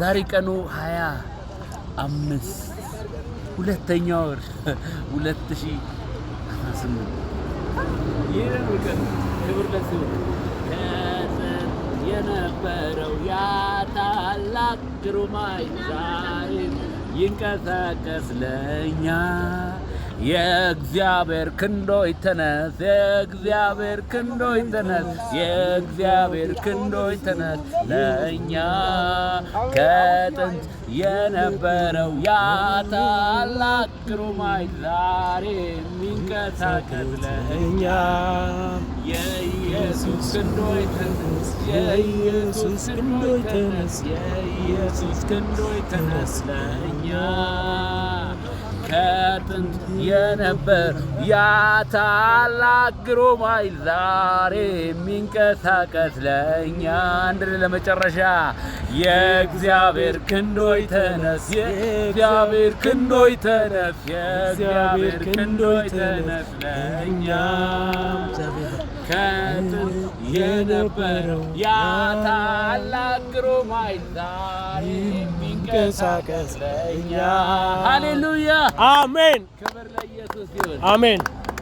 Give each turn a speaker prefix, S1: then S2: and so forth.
S1: ዛሬ ቀኑ ሀያ አምስት ሁለተኛ ወር ሁለት ሺ ስምንት
S2: ይህን ቀን ክብር ለስሙ
S1: የነበረው ያታላቅ ታላቅ ግሩማይ ዛሬ ይንቀሳቀስ ለእኛ የእግዚአብሔር ክንዶ ይተነስ፣ የእግዚአብሔር ክንዶ ይተነስ፣ የእግዚአብሔር ክንዶ ይተነስ። ለእኛ ከጥንት የነበረው ያ ታላቅ ዛሬ የሚንቀሳቀስ ለእኛ የኢየሱስ ክንዶ ይተነስ፣ የኢየሱስ ክንዶ ይተነስ፣ የኢየሱስ ክንዶ ይተነስ ለእኛ ከጥንት የነበር ያታላቅ ግሮማይ ዛሬ የሚንቀሳቀስ ለእኛ አንድር ለመጨረሻ የእግዚአብሔር ክንዶይ ተነስ፣ የእግዚአብሔር ክንዶይ ተነስ፣ የእግዚአብሔር ክንዶይ ተነስ ለእኛ ከጥንት የነበረው ያ ታላቅ ለእኛ
S2: ሃሌሉያ
S3: አሜን። ክብር ለኢየሱስ ይሁን አሜን።